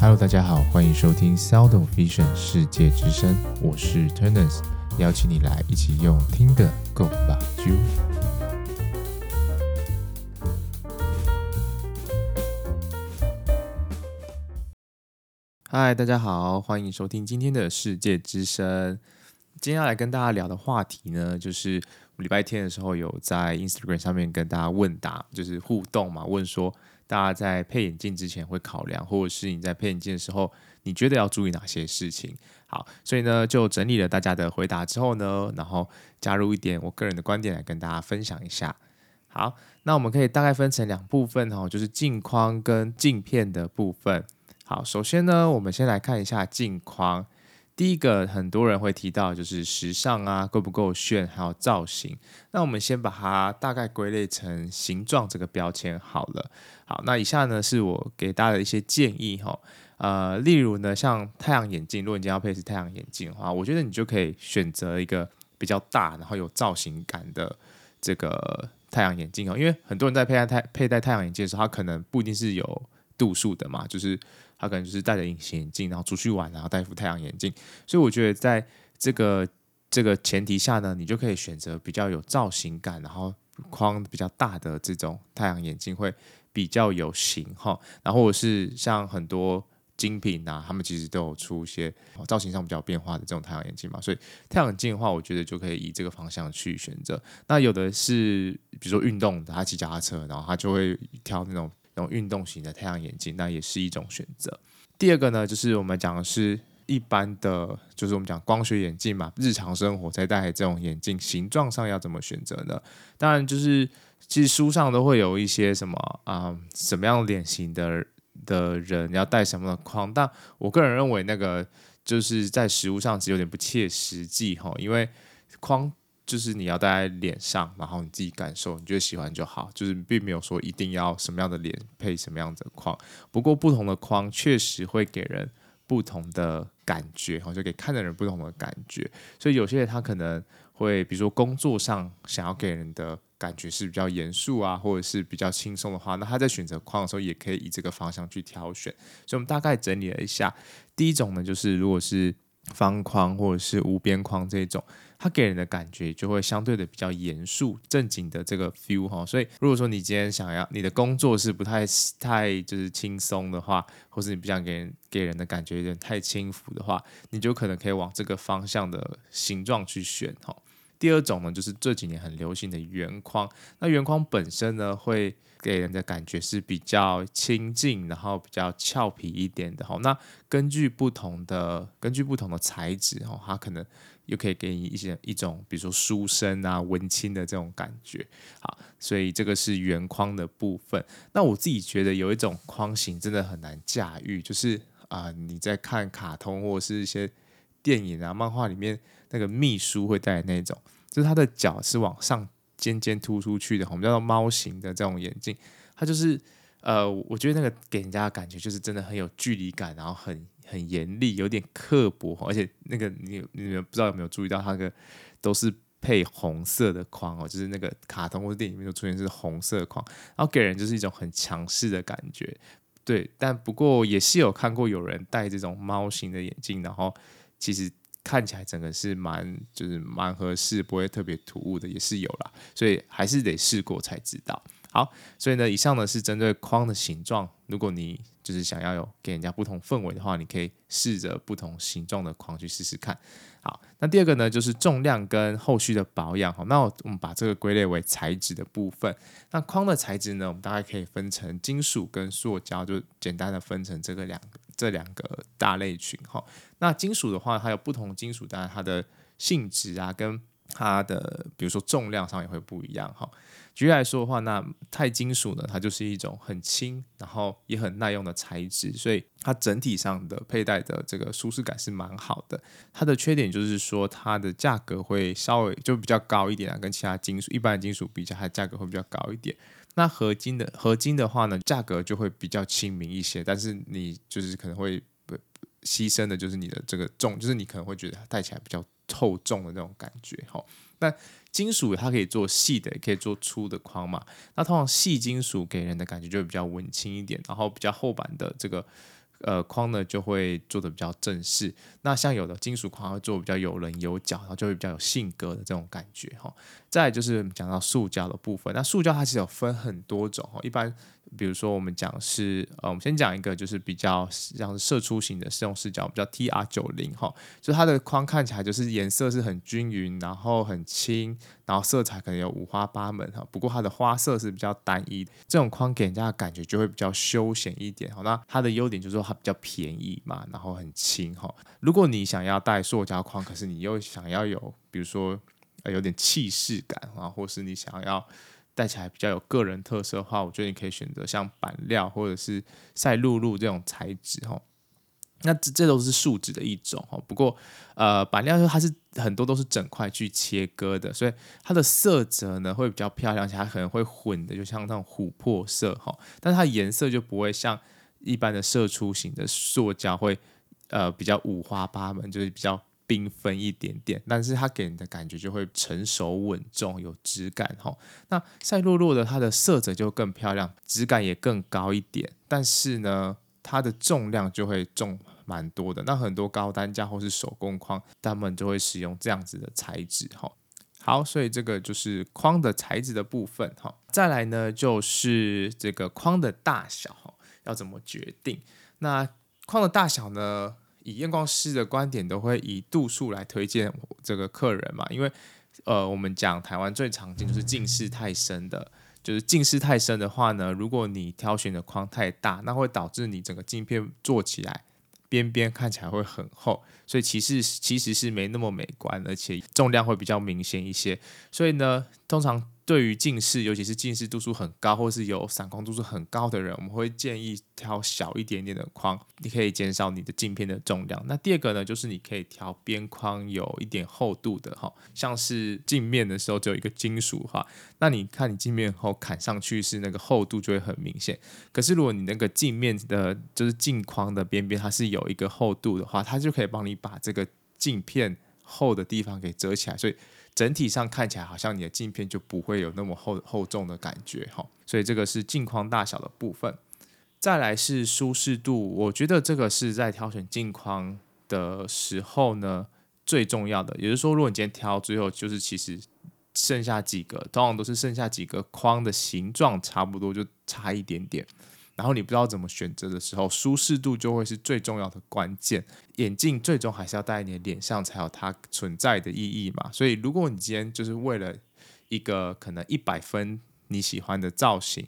Hello，大家好，歡迎收聽 Seldom Vision 世界之聲，我是 Turners，邀請你來一起用聽的共吧。Hi，大家好，歡迎收聽今天的世界之聲。今天要來跟大家聊的話題呢，就是我禮拜天的時候有在 Instagram 上面跟大家問答，就是互動嘛，問說。大家在配眼鏡之前會考量，或者是你在配眼鏡的時候，你覺得要注意哪些事情？好，所以呢，就整理了大家的回答之後呢，然後加入一點我個人的觀點來跟大家分享一下。好，那我們可以大概分成兩部分哈，就是鏡框跟鏡片的部分。好，首先呢，我們先來看一下鏡框。第一個，很多人會提到就是時尚啊，夠不夠炫，還有造型。那我們先把它大概歸類成形狀這個標籤好了。好，那以下呢，是我給大家的一些建議哈。呃，例如呢，像太陽眼鏡，如果你今天要配是太陽眼鏡的話，我覺得你就可以選擇一個比較大，然後有造型感的這個太陽眼鏡哦。因為很多人在佩戴太佩戴太陽眼鏡的時候，它可能不一定是有度數的嘛，就是。他可能就是戴着隱形眼鏡，然後出去玩，然後戴一副太陽眼鏡，所以我覺得在這個這個前提下呢，你就可以選擇比較有造型感，然後框比較大的這種太陽眼鏡會比較有型哈。然後或者是像很多精品啊，他們其實都有出一些造型上比較變化的這種太陽眼鏡嘛，所以太陽鏡的話，我覺得就可以以這個方向去選擇。那有的是比如說運動，他騎腳踏車，然後他就會挑那種。種運動型的太陽眼鏡，那也是一種選擇。第二個呢，就是我們講的是一般的，就是我們講光學眼鏡嘛，日常生活在戴這種眼鏡，形狀上要怎麼選擇呢？當然，就是其實書上都會有一些什麼啊，什麼樣臉型的的人要戴什麼的框，但我個人認為那個就是在實物上是有點不切實際哈，因為框。就是你要戴在臉上，然後你自己感受，你覺得喜歡就好。就是並沒有說一定要什麼樣的臉配什麼樣的框。不過不同的框確實會給人不同的感覺，好像給看的人不同的感覺。所以有些人他可能會，比如說工作上想要給人的感覺是比較嚴肅啊，或者是比較輕鬆的話，那他在選擇框的時候也可以以這個方向去挑選。所以我們大概整理了一下，第一種呢，就是如果是。方框，或者是無邊框這種，它給人的感覺就會相對的比較嚴肅正經的這個 feel 吼，所以如果說你今天想要你的工作是不太太就是輕鬆的話，或是你不想給人給人的感覺有點太輕浮的話，你就可能可以往這個方向的形狀去選吼。第二種呢，就是這幾年很流行的圓框，那圓框本身呢會。給人的感覺是比較親近，然後比較俏皮一點的哈。那根據不同的根據不同的材質哦，它可能又可以給你一些一種，比如說書生啊、文青的這種感覺。好，所以這個是圓框的部分。那我自己覺得有一種框型真的很難駕馭，就是啊、呃，你在看卡通或者是一些電影啊、漫畫裡面那個秘書會戴的那種，就是它的角是往上。尖尖突出去的，我們叫做貓型的這種眼鏡，它就是呃，我覺得那個給人家的感覺就是真的很有距離感，然後很很嚴厲，有點刻薄，而且那個你你們不知道有沒有注意到它，那個，它個都是配紅色的框哦，就是那個卡通或電影裡面都出現是紅色框，然後給人就是一種很強勢的感覺，對。但不過也是有看過有人戴這種貓型的眼鏡，然後其實。看起來整個是蠻就是蠻合適，不會特別突兀的也是有啦，所以還是得試過才知道。好，所以呢，以上呢是針對框的形狀，如果你就是想要有給人家不同氛圍的話，你可以試着不同形狀的框去試試看。好，那第二個呢就是重量跟後續的保養。好，那我們把這個歸類為材質的部分。那框的材質呢，我們大概可以分成金屬跟塑膠，就簡單的分成這個兩個。這兩個大類群哈，那金屬的話，它有不同金屬，當然它的性質啊，跟它的比如說重量上也會不一樣哈。舉例來說的話，那鈦金屬呢，它就是一種很輕，然後也很耐用的材質，所以它整體上的佩戴的這個舒適感是蠻好的。它的缺點就是說，它的價格會稍微就比較高一點啊，跟其他金屬，一般的金屬比較，它價格會比較高一點。那合金的合金的話呢，價格就會比較親民一些，但是你就是可能會犧牲的就是你的這個重，就是你可能會覺得它戴起來比較厚重的那種感覺哈。但金屬它可以做細的，也可以做粗的框嘛。那通常細金屬給人的感覺就會比較文青一點，然後比較厚板的這個。呃，框呢就會做的比較正式。那像有的金屬框會做比較有稜有角，然後就會比較有性格的這種感覺哈、哦。再來就是講到塑膠的部分，那塑膠它其實有分很多種哈、哦。一般比如說我們講是呃、哦，我們先講一個就是比較像射出型的這種塑膠，我們叫 TR 九零哈，就它的框看起來就是顏色是很均勻，然後很輕。然後色彩可能有五花八門哈，不過它的花色是比較單一的，這種框給人家的感覺就會比較休閒一點。哈，那它的優點就是說它比較便宜嘛，然後很輕哈。如果你想要戴塑膠框，可是你又想要有，比如說，呃，有點氣勢感啊，或是你想要戴起來比較有個人特色的話，我覺得你可以選擇像板料或者是賽璐璐這種材質哈。那這這都是樹脂的一種哈，不過呃板料，就是它是很多都是整塊去切割的，所以它的色澤呢會比較漂亮，而且它可能會混的，就像那種琥珀色哈，但是它顏色就不會像一般的射出型的塑膠會呃比較五花八門，就是比較繽紛一點點，但是它給人的感覺就會成熟穩重，有質感哈、哦。那賽璐珞的它的色澤就更漂亮，質感也更高一點，但是呢。它的重量就會重蠻多的，那很多高單價或是手工框，他們就會使用這樣子的材質哈。好，所以這個就是框的材質的部分哈。再來呢，就是這個框的大小要怎麼決定？那框的大小呢，以驗光師的觀點，都會以度數來推薦這個客人嘛，因為呃，我們講台灣最常見就是近視太深的。就是近視太深的話呢，如果你挑選的框太大，那會導致你整個鏡片做起來邊邊看起來會很厚，所以其實其實是沒那麼美觀，而且重量會比較明顯一些。所以呢，通常。對於近視，尤其是近視度數很高，或是有散光度數很高的人，我們會建議挑小一點點的框，你可以減少你的鏡片的重量。那第二個呢，就是你可以挑邊框有一點厚度的哈，像是鏡面的時候只有一個金屬哈。那你看你鏡面後看上去是那個厚度就會很明顯。可是如果你那個鏡面的，就是鏡框的邊邊它是有一個厚度的話，它就可以幫你把這個鏡片厚的地方給遮起來，所以。整體上看起來好像你的鏡片就不會有那麼厚厚重的感覺哈，所以這個是鏡框大小的部分。再來是舒適度，我覺得這個是在挑選鏡框的時候呢，最重要的。也就是說，如果你今天挑最後就是其實剩下幾個，通常都是剩下幾個框的形狀差不多，就差一點點。然後你不知道怎麼選擇的時候，舒適度就會是最重要的關鍵。眼鏡最終還是要戴在你的臉上才有它存在的意義嘛。所以，如果你今天就是為了一個可能一百分你喜歡的造型，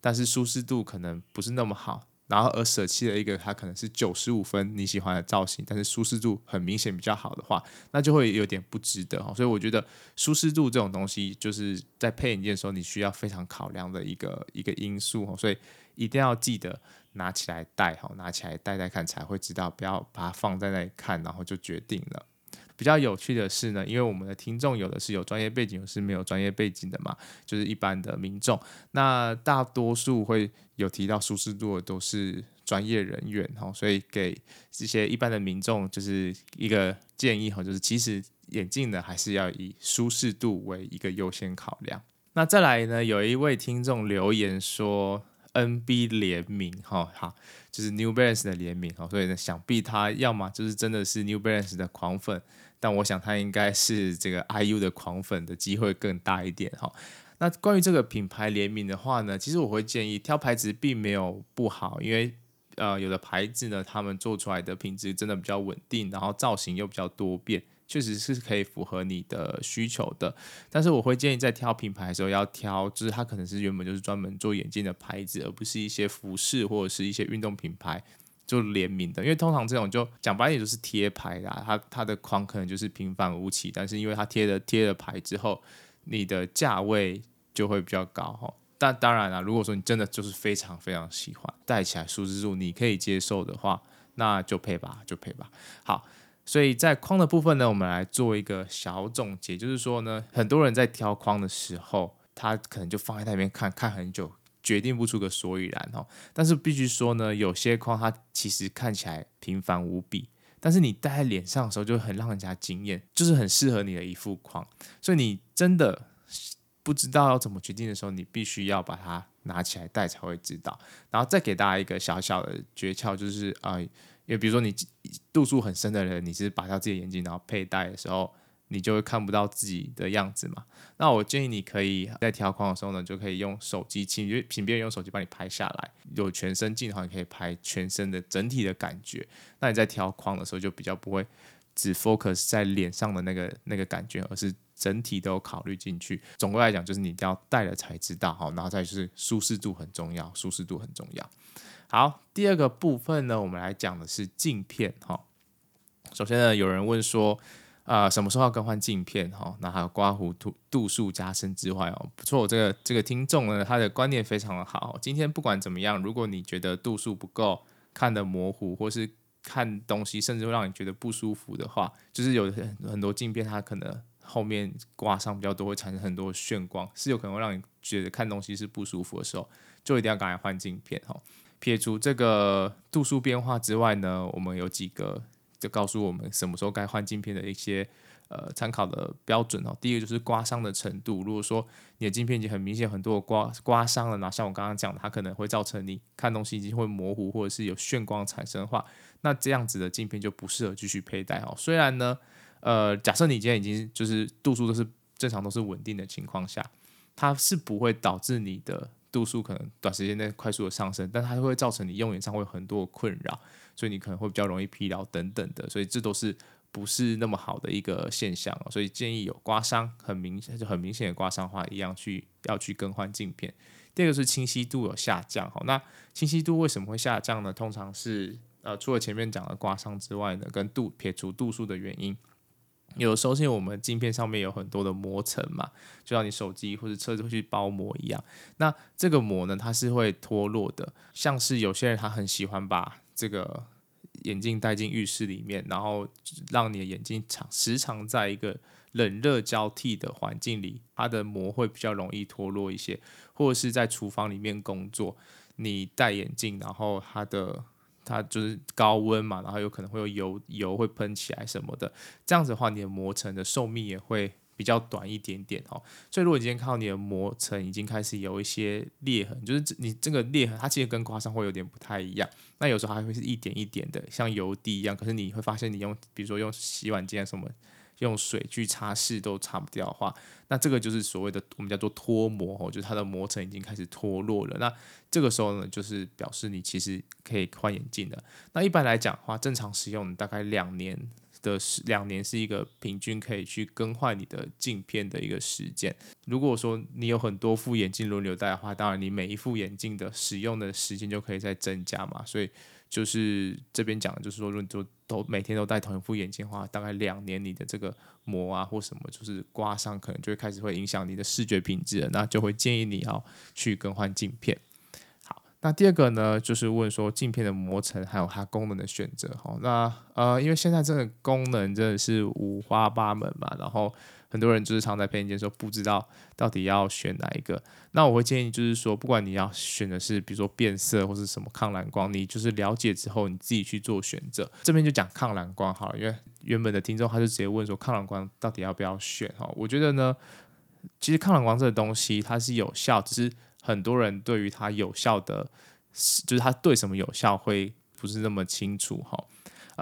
但是舒適度可能不是那麼好，然後而捨棄了一個它可能是九十五分你喜歡的造型，但是舒適度很明顯比較好的話，那就會有點不值得。所以，我覺得舒適度這種東西，就是在配眼鏡的時候，你需要非常考量的一個一個因素。所以。一定要記得拿起來戴好，拿起來戴戴看才會知道，不要把它放在那裡看，然後就決定了。比較有趣的是呢，因為我們的聽眾有的是有專業背景，有的是沒有專業背景的嘛，就是一般的民眾。那大多數會有提到舒適度的都是專業人員哈，所以給這些一般的民眾就是一個建議哈，就是其實眼鏡呢還是要以舒適度為一個優先考量。那再來呢，有一位聽眾留言說。NB 聯名哈，好，就是 New Balance 的聯名哦，所以呢，想必他要麼就是真的是 New Balance 的狂粉，但我想他應該是這個 IU 的狂粉的機會更大一點哈。那關於這個品牌聯名的話呢，其實我會建議挑牌子並沒有不好，因為呃有的牌子呢，他們做出來的品質真的比較穩定，然後造型又比較多變。確實是可以符合你的需求的，但是我會建議在挑品牌的時候要挑，就是它可能是原本就是專門做眼鏡的牌子，而不是一些服飾或者是一些運動品牌就聯名的，因為通常這種就講白點就是貼牌啦，它它的框可能就是平凡無奇，但是因為它貼了貼了牌之後，你的價位就會比較高哈、哦。但當然啦，如果說你真的就是非常非常喜歡，戴起來舒適度你可以接受的話，那就配吧，就配吧。好。所以在框的部分呢，我們來做一個小總結，就是說呢，很多人在挑框的時候，他可能就放在那邊看看很久，決定不出個所以然哦。但是必須說呢，有些框它其實看起來平凡無比，但是你戴在臉上的時候就很讓人家驚艷，就是很適合你的一副框。所以你真的，不知道要怎麼決定的時候，你必須要把它拿起來戴才會知道。然後再給大家一個小小的訣竅，就是啊、呃，因為比如說你度數很深的人，你是拔掉自己的眼鏡，然後佩戴的時候，你就會看不到自己的樣子嘛。那我建議你可以在挑框的時候呢，就可以用手機，你就請別人用手機幫你拍下來。有全身鏡的話，你可以拍全身的整體的感覺。那你在挑框的時候，就比較不會只 focus 在臉上的那個那個感覺，而是。整體都考慮進去。總歸來講，就是你一定要戴了才知道。好，然後再就是舒適度很重要，舒適度很重要。好，第二個部分呢，我們來講的是鏡片。哈，首先呢，有人問說，啊、呃，什麼時候要更換鏡片？哈，那還有刮弧度度數加深之外哦，不錯，這個這個聽眾呢，他的觀念非常的好。今天不管怎麼樣，如果你覺得度數不夠，看得模糊，或是看東西，甚至會讓你覺得不舒服的話，就是有很很多鏡片它可能。後面刮傷比較多，會產生很多的眩光，是有可能會讓你覺得看東西是不舒服的時候，就一定要趕快換鏡片哦。撇除這個度數變化之外呢，我們有幾個就告訴我們什麼時候該換鏡片的一些呃參考的標準哦。第一個就是刮傷的程度，如果說你的鏡片已經很明顯很多的刮刮傷了，那像我剛剛講的，它可能會造成你看東西已經會模糊，或者是有眩光產生的話，那這樣子的鏡片就不適合繼續佩戴哦。雖然呢。呃，假設你今天已經就是度數都是正常都是穩定的情況下，它是不會導致你的度數可能短時間內快速的上升，但它會造成你用眼上會有很多的困擾，所以你可能會比較容易疲勞等等的，所以這都是不是那麼好的一個現象，喔，所以建議有刮傷很明就很明顯的刮傷的話，一樣去要去更換鏡片。第二個是清晰度有下降，哈，喔，那清晰度為什麼會下降呢？通常是呃除了前面講的刮傷之外呢，跟度撇除度數的原因。有時候，因為我們鏡片上面有很多的膜層嘛，就像你手機或者車子會去包膜一樣。那這個膜呢，它是會脫落的。像是有些人他很喜歡把這個眼鏡戴進浴室裡面，然後讓你的眼鏡常時常在一個冷熱交替的環境裡，它的膜會比較容易脫落一些。或者是在廚房裡面工作，你戴眼鏡，然後它的。它就是高溫嘛，然後有可能會有油，油會噴起來什麼的，這樣子的話，你的磨層的壽命也會比較短一點點哦。所以如果今天看到你的磨層已經開始有一些裂痕，就是你這個裂痕，它其實跟刮傷會有點不太一樣。那有時候還會是一點一點的，像油滴一樣，可是你會發現你用，比如說用洗碗機啊什麼。用水去擦拭都擦不掉的話，那這個就是所謂的我們叫做脫膜哦，就是、它的膜層已經開始脫落了。那這個時候呢，就是表示你其實可以換眼鏡的。那一般來講的話，正常使用大概兩年的時，兩年是一個平均可以去更換你的鏡片的一個時間。如果說你有很多副眼鏡輪流戴的話，當然你每一副眼鏡的使用的時間就可以再增加嘛，所以。就是這邊講的就是說，如果你都都每天都戴同一副眼鏡的話，大概兩年你的這個膜啊或什麼，就是刮傷，可能就會開始會影響你的視覺品質，那就會建議你要去更換鏡片。那第二個呢，就是問說鏡片的膜層還有它功能的選擇哈。那呃，因為現在這個功能真的是五花八門嘛，然後很多人就是常在配眼鏡時說不知道到底要選哪一個。那我會建議就是說，不管你要選的是比如說變色或是什麼抗藍光，你就是了解之後你自己去做選擇。這邊就講抗藍光好了，因為原本的聽眾他就直接問說抗藍光到底要不要選哈。我覺得呢，其實抗藍光這個東西它是有效，只是。很多人對於它有效的就是它對什麼有效會不是那麼清楚哈、哦，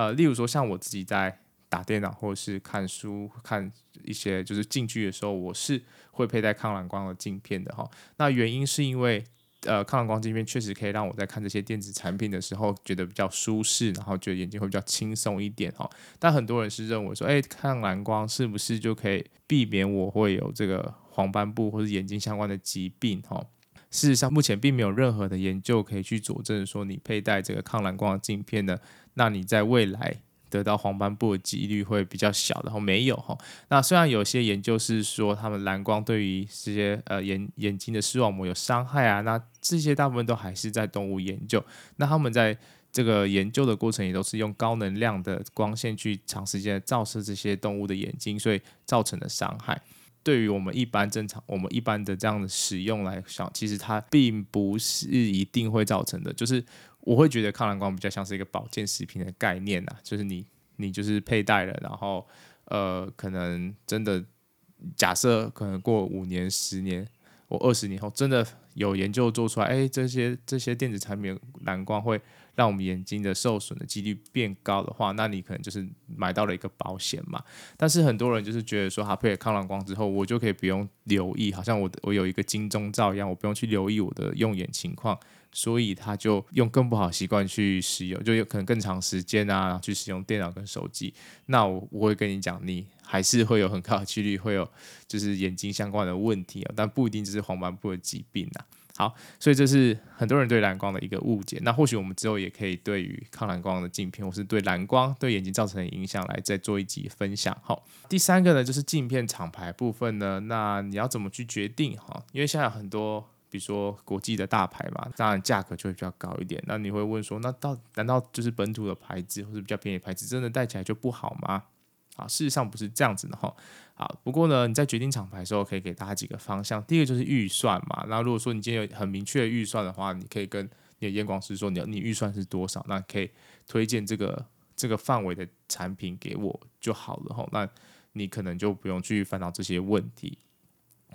呃，例如說像我自己在打電腦或者是看書看一些就是近距離的時候，我是會佩戴抗藍光的鏡片的哈、哦。那原因是因為呃，抗藍光鏡片確實可以讓我在看這些電子產品的時候覺得比較舒適，然後覺得眼睛會比較輕鬆一點哈、哦。但很多人是認為說，誒，抗藍光是不是就可以避免我會有這個黃斑部或者眼睛相關的疾病哈哦事實上，目前並沒有任何的研究可以去佐證說你佩戴這個抗藍光的鏡片呢，那你在未來得到黃斑部的幾率會比較小的。然後沒有哈，那雖然有些研究是說他們藍光對於這些呃眼眼睛的視網膜有傷害啊，那這些大部分都還是在動物研究。那他們在這個研究的過程也都是用高能量的光線去長時間的照射這些動物的眼睛，所以造成了傷害。對於我們一般正常我們一般的這樣的使用來講，其實它並不是一定會造成的。就是我會覺得抗藍光比較像是一個保健食品的概念吶、啊，就是你你就是佩戴了，然後呃，可能真的假設可能過五年、十年、或二十年後，真的有研究做出來，哎，這些這些電子產品藍光會。讓我們眼睛的受損的幾率變高的話，那你可能就是買到了一個保險嘛。但是很多人就是覺得說，他配了抗藍光之後，我就可以不用留意，好像我我有一個金鐘罩一樣，我不用去留意我的用眼情況。所以他就用更不好的習慣去使用，就有可能更長時間啊，然後去使用電腦跟手機。那我我會跟你講，你還是會有很高的幾率會有就是眼睛相關的問題啊，但不一定就是黃斑部的疾病啊。好，所以這是很多人對藍光的一個誤解。那或許我們之後也可以對於抗藍光的鏡片，或是對藍光對眼睛造成的影響來再做一集分享。哈，第三個呢就是鏡片廠牌部分呢，那你要怎麼去決定？哈，因為現在很多比如說國際的大牌嘛，當然價格就會比較高一點。那你會問說，那到難道就是本土的牌子或是比較便宜的牌子，真的戴起來就不好嗎？啊，事實上不是這樣子的哈。啊，不過呢，你在決定廠牌的時候，可以給大家幾個方向。第一個就是預算嘛，那如果說你今天有很明確的預算的話，你可以跟你的驗光師說，你你預算是多少，那可以推薦這個這個範圍的產品給我就好了哈。那你可能就不用去煩惱這些問題。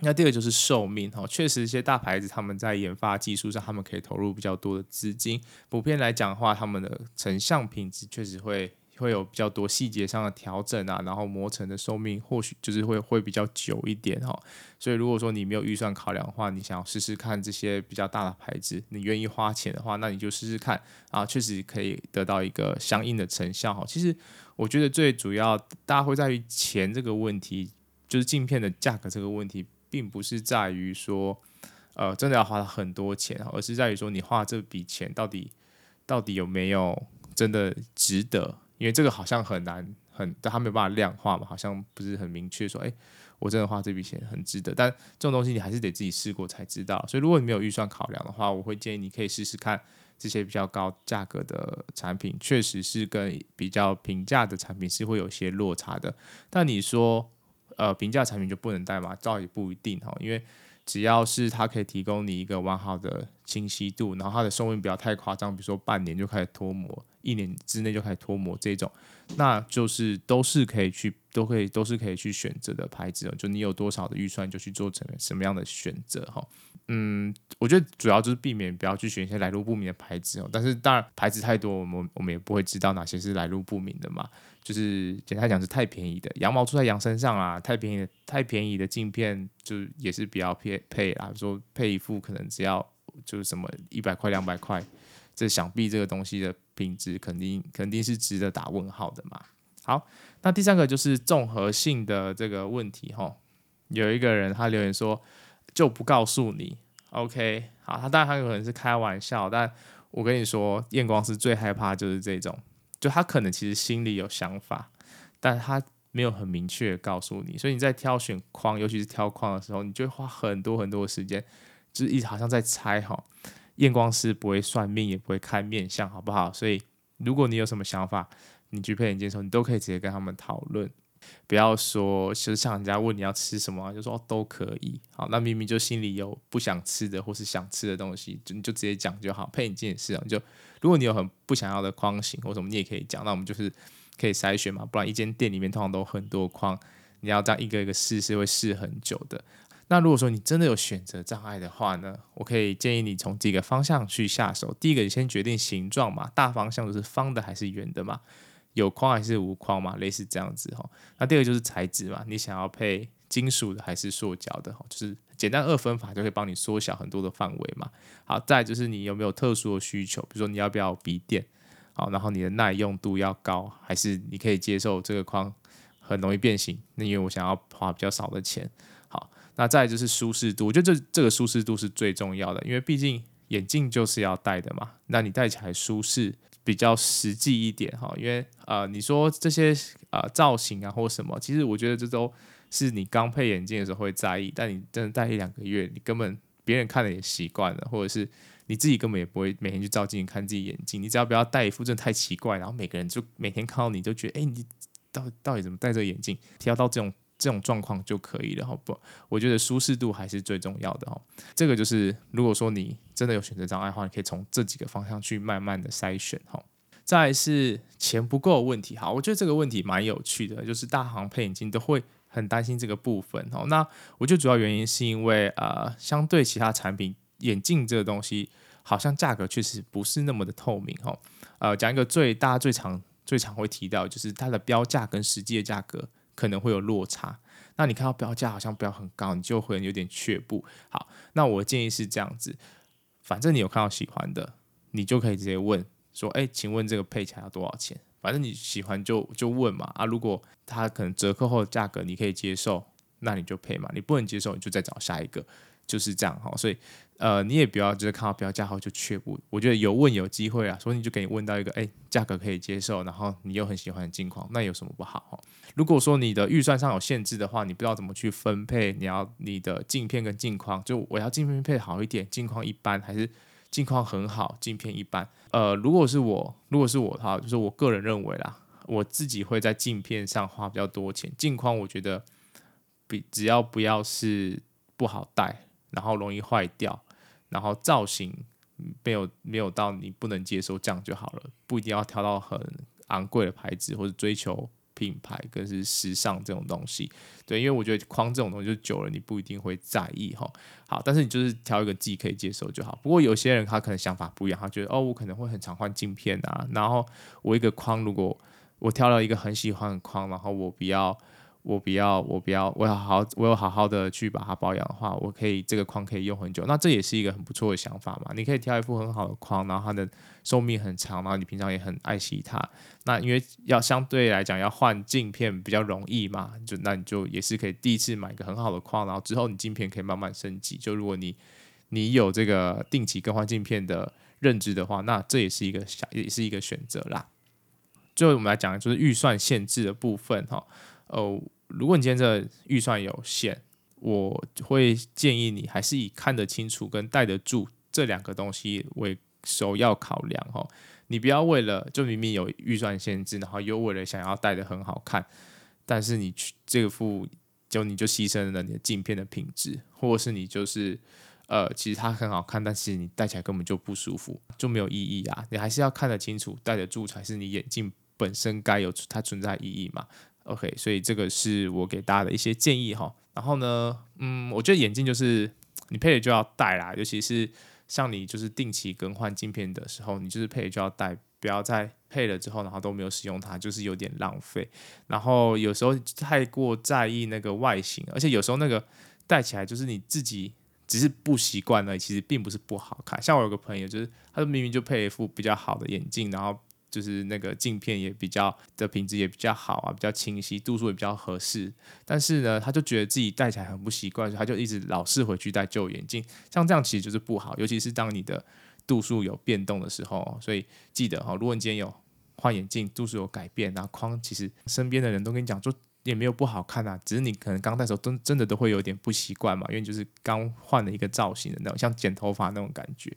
那第二個就是壽命哈，確實一些大牌子他們在研發技術上，他們可以投入比較多的資金，普遍來講的話，他們的成像品質確實會。會有比較多細節上的調整啊，然後膜層的壽命或許就是會會比較久一點哈、哦。所以如果說你沒有預算考量的話，你想要試試看這些比較大的牌子，你願意花錢的話，那你就試試看啊，確實可以得到一個相應的成效哈。其實我覺得最主要大家會在於錢這個問題，就是鏡片的價格這個問題，並不是在於說呃真的要花很多錢，而是在於說你花這筆錢到底到底有沒有真的值得。因為這個好像很難很，但它沒有辦法量化嘛，好像不是很明確說，哎，我真的花這筆錢很值得。但這種東西你還是得自己試過才知道。所以如果你沒有預算考量的話，我會建議你可以試試看這些比較高價格的產品，確實是跟比較平價的產品是會有些落差的。但你說，呃，平價的產品就不能戴嗎？倒也不一定哈，因為只要是它可以提供你一個完好的清晰度，然後它的壽命不要太誇張，比如說半年就開始脫膜。一年之內就開始脫模這這種那就是都是可以去，都可以都是可以去選擇的牌子哦。就你有多少的預算，就去做成什麼樣的選擇哈、哦。嗯，我覺得主要就是避免不要去選一些來路不明的牌子哦。但是當然牌子太多，我們我們也不會知道哪些是來路不明的嘛。就是簡單講是太便宜的，羊毛出在羊身上啊，太便宜的太便宜的鏡片就也是比較配配啦。說配一副可能只要就是什麼一百塊兩百塊。這想必這個東西的品質肯定肯定是值得打問號的嘛。好，那第三個就是綜合性的這個問題哈。有一個人他留言說就不告訴你，OK，好，他當然他有可能是開玩笑，但我跟你說驗光師最害怕就是這種，就他可能其實心裡有想法，但他沒有很明確告訴你，所以你在挑選框，尤其是挑框的時候，你就會花很多很多的時間，就是一直好像在猜哈。驗光師不會算命，也不會看面相，好不好？所以，如果你有什麼想法，你去配眼鏡的時候，你都可以直接跟他們討論，不要說，其實像人家問你要吃什麼啊，就說哦都可以，好，那明明就心裡有不想吃的或是想吃的東西，就你就直接講就好。配眼鏡也是啊，就如果你有很不想要的框型、或什麼，你也可以講，那我們就是可以篩選嘛，不然一間店裡面通常都有很多框，你要這樣一個一個試試，是會試很久的。那如果說你真的有選擇障礙的話呢，我可以建議你從幾個方向去下手。第一個，你先決定形狀嘛，大方向就是方的還是圓的嘛，有框還是無框嘛，類似這樣子哈、哦。那第二個就是材質嘛，你想要配金屬的還是塑膠的，哦，就是簡單二分法就可以幫你縮小很多的範圍嘛。好，再就是你有沒有特殊的需求，比如說你要不要鼻墊，好，然後你的耐用度要高，還是你可以接受這個框很容易變形？那因為我想要花比較少的錢。那再就是舒適度，我覺得這這個舒適度是最重要的，因為畢竟眼鏡就是要戴的嘛。那你戴起來舒適，比較實際一點哈。因為呃，你說這些呃造型啊或什麼，其實我覺得這都是你剛配眼鏡的時候會在意，但你真的戴一兩個月，你根本別人看了也習慣了，或者是你自己根本也不會每天去照鏡看自己眼鏡。你只要不要戴一副真的太奇怪，然後每個人就每天看到你就覺得，誒、欸，你到底到底怎麼戴這個眼鏡，挑到這種。這種狀況就可以了，好不？我覺得舒適度還是最重要的哦。這個就是，如果說你真的有選擇障礙的話，你可以從這幾個方向去慢慢的篩選哈、哦。再來是錢不夠問題，好，我覺得這個問題蠻有趣的，就是大家好像配眼鏡都會很擔心這個部分哦。那我覺得主要原因是因為，呃，相對其他產品，眼鏡這個東西好像價格確實不是那麼的透明哦。呃，講一個最大家最常最常會提到，就是它的標價跟實際的價格。可能會有落差，那你看到標價好像標很高，你就會有點卻步。好，那我的建議是這樣子，反正你有看到喜歡的，你就可以直接問說：“誒，請問這個配起來要多少錢？”反正你喜歡就就問嘛。啊，如果他可能折扣後的價格你可以接受，那你就配嘛。你不能接受，你就再找下一個，就是這樣。好，所以。呃，你也不要就是看到標價後就卻步，我覺得有問有機會啊，所以就給，你就可以問到一個，哎、欸，價格可以接受，然後你又很喜歡鏡框，那有什麼不好？如果說你的預算上有限制的話，你不知道怎麼去分配，你要你的鏡片跟鏡框，就我要鏡片配好一點，鏡框一般，還是鏡框很好，鏡片一般。呃，如果是我，如果是我的話，就是我個人認為啦，我自己會在鏡片上花比較多錢，鏡框我覺得比只要不要是不好戴，然後容易壞掉。然後造型沒有沒有到你不能接受這樣就好了，不一定要挑到很昂貴的牌子或者，追求品牌更是時尚這種東西，對，因為我覺得框這種東西就久了你不一定會在意哈。好，但是你就是挑一個自己可以接受就好。不過有些人他可能想法不一樣，他覺得哦，我可能會很常換鏡片啊，然後我一個框如果我挑到一個很喜歡的框，然後我不要。我比較，我比較，我要好，我要好好的去把它保養的話，我可以這個框可以用很久。那這也是一個很不錯的想法嘛。你可以挑一副很好的框，然後它的壽命很長，然後你平常也很愛惜它。那因為要相對來講要換鏡片比較容易嘛，就那你就也是可以第一次買一個很好的框，然後之後你鏡片可以慢慢升級。就如果你你有這個定期更換鏡片的認知的話，那這也是一個選，也是一個選擇啦。最後我們來講就是預算限制的部分哈，哦、呃。如果你今天這個預算有限，我會建議你還是以看得清楚跟戴得住這兩個東西為首要考量哦。你不要為了就明明有預算限制，然後又為了想要戴得很好看，但是你這副就你就犧牲了你的鏡片的品質，或者是你就是呃其實它很好看，但是你戴起來根本就不舒服，就沒有意義啊。你還是要看得清楚，戴得住才是你眼鏡本身該有它存在意義嘛。OK，所以這個是我給大家的一些建議哈。然後呢，嗯，我覺得眼鏡就是你配了就要戴啦，尤其是像你就是定期更換鏡片的時候，你就是配了就要戴，不要再配了之後然後都沒有使用它，就是有點浪費。然後有時候太過在意那個外形，而且有時候那個戴起來就是你自己只是不習慣而已，其實並不是不好看。像我有個朋友就是，他明明就配一副比較好的眼鏡，然後。就是那個鏡片也比較的品質也比較好啊，比較清晰，度數也比較合適。但是呢，他就覺得自己戴起來很不習慣，他就一直老是回去戴舊眼鏡。像這樣其實就是不好，尤其是當你的度數有變動的時候哦。所以記得哈哦，如果你今天有換眼鏡，度數有改變，那框，其實身邊的人都跟你講說也沒有不好看啊，只是你可能剛戴的時候真真的都會有點不習慣嘛，因為就是剛換了一個造型的那種，像剪頭髮那種感覺。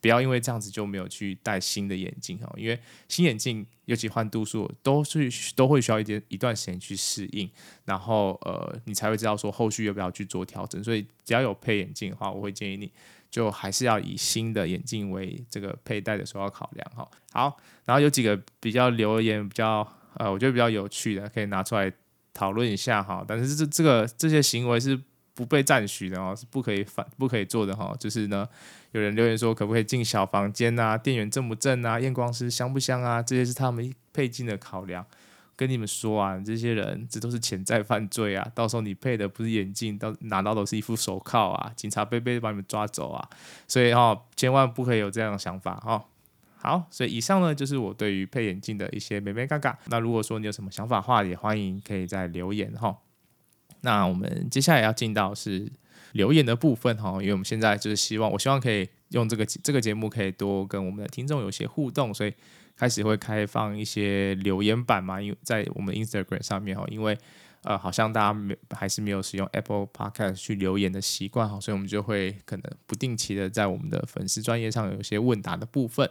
不要因為這樣子就沒有去戴新的眼鏡哈，因為新眼鏡尤其換度數都是都會需要一點一段時間去適應，然後呃你才會知道說後續要不要去做調整。所以只要有配眼鏡的話，我會建議你就還是要以新的眼鏡為這個佩戴的時候要考量哈。好，然後有幾個比較留言比較呃我覺得比較有趣的可以拿出來討論一下哈，但是這這個這些行為是。不被贊許的哦，是不可以反不可以做的哈、哦，就是呢，有人留言說，可不可以進小房間啊？店員正不正啊？驗光師香不香啊？這些是他們配鏡的考量。跟你們說啊，這些人這都是潛在犯罪啊！到時候你配的不是眼鏡，到拿到的是一副手銬啊，警察伯伯把你們抓走啊！所以哈、哦，千萬不可以有這樣的想法哈、哦。好，所以以上呢就是我對於配眼鏡的一些眉眉角角。那如果說你有什麼想法的話，也歡迎可以再留言哈、哦。那我們接下來要進到是留言的部分哈，因為我們現在就是希望，我希望可以用這個這個節目可以多跟我們的聽眾有些互動，所以開始會開放一些留言板嘛，因為在我們 Instagram 上面哈，因為呃好像大家沒還是沒有使用 Apple Podcast 去留言的習慣哈，所以我們就會可能不定期的在我們的粉絲專頁上有一些問答的部分。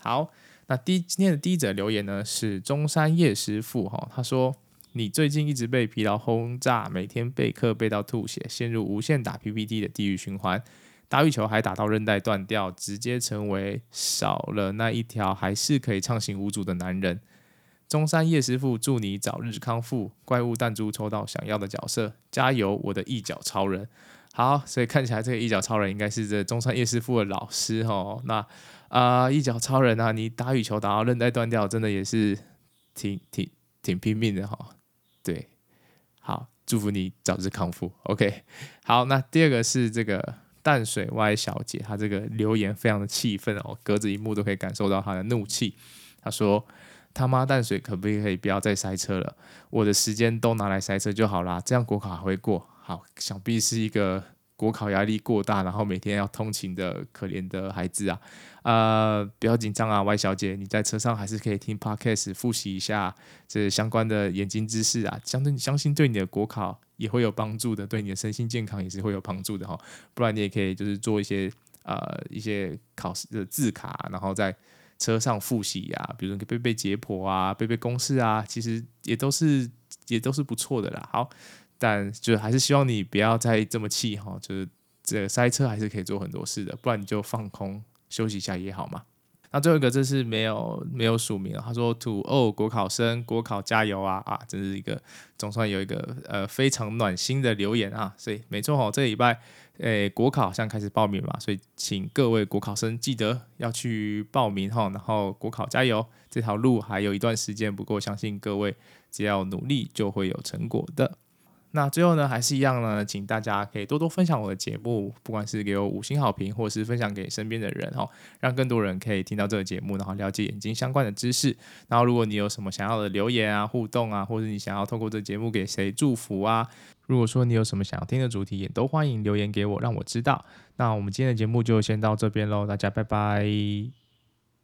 好，那第今天的第一則留言呢是中山葉師傅哈，他說。你最近一直被疲勞轟炸，每天備課備到吐血，陷入無限打 PPT 的地獄循環，打羽球還打到韌帶斷掉，直接成為少了那一條還是可以暢行無阻的男人。中山葉師傅祝你早日康復，怪物彈珠抽到想要的角色，加油，我的一腳超人。好，所以看起來這個一腳超人應該是這中山葉師傅的老師哦。那啊、呃，一腳超人啊，你打羽球打到韌帶斷掉，真的也是挺挺挺拼命的哈、哦。對，好，祝福你早日康復。OK，好，那第二個是這個淡水 Y 小姐，她這個留言非常的氣憤哦，隔着螢幕都可以感受到她的怒氣。她說：“他媽淡水，可不可以不要再塞車了？我的時間都拿來塞車就好啦，這樣國考還會過。”好，想必是一個。國考壓力過大，然後每天要通勤的可憐的孩子啊，呃，不要緊張啊，Y 小姐，你在車上還是可以聽 Podcast 複習一下這相關的眼睛知識啊，相對相信對你的國考也會有幫助的，對你的身心健康也是會有幫助的哈、哦。不然你也可以就是做一些呃一些考試的、這個、字卡，然後在車上複習啊，比如說背背解剖啊，背背公式啊，其實也都是也都是不錯的啦。好。但就還是希望你不要再這麼氣哈，就是這個塞車還是可以做很多事的，不然你就放空休息一下也好嘛。那最後一個這是沒有沒有署名，他說“土澳國考生國考加油啊啊！”真是一個總算有一個呃非常暖心的留言啊。所以沒錯哦，這個禮拜誒國考好像開始報名嘛，所以請各位國考生記得要去報名哈。然後國考加油，這條路還有一段時間，不過相信各位只要努力就會有成果的。那最後呢，還是一樣呢，請大家可以多多分享我的節目，不管是給我五星好評，或者是分享給身邊的人哦、喔，讓更多人可以聽到這個節目，然後了解眼睛相關的知識。然後，如果你有什麼想要的留言啊、互動啊，或者你想要透過這節目給誰祝福啊，如果說你有什麼想要聽的主題，也都歡迎留言給我，讓我知道。那我們今天的節目就先到這邊嘍，大家拜拜。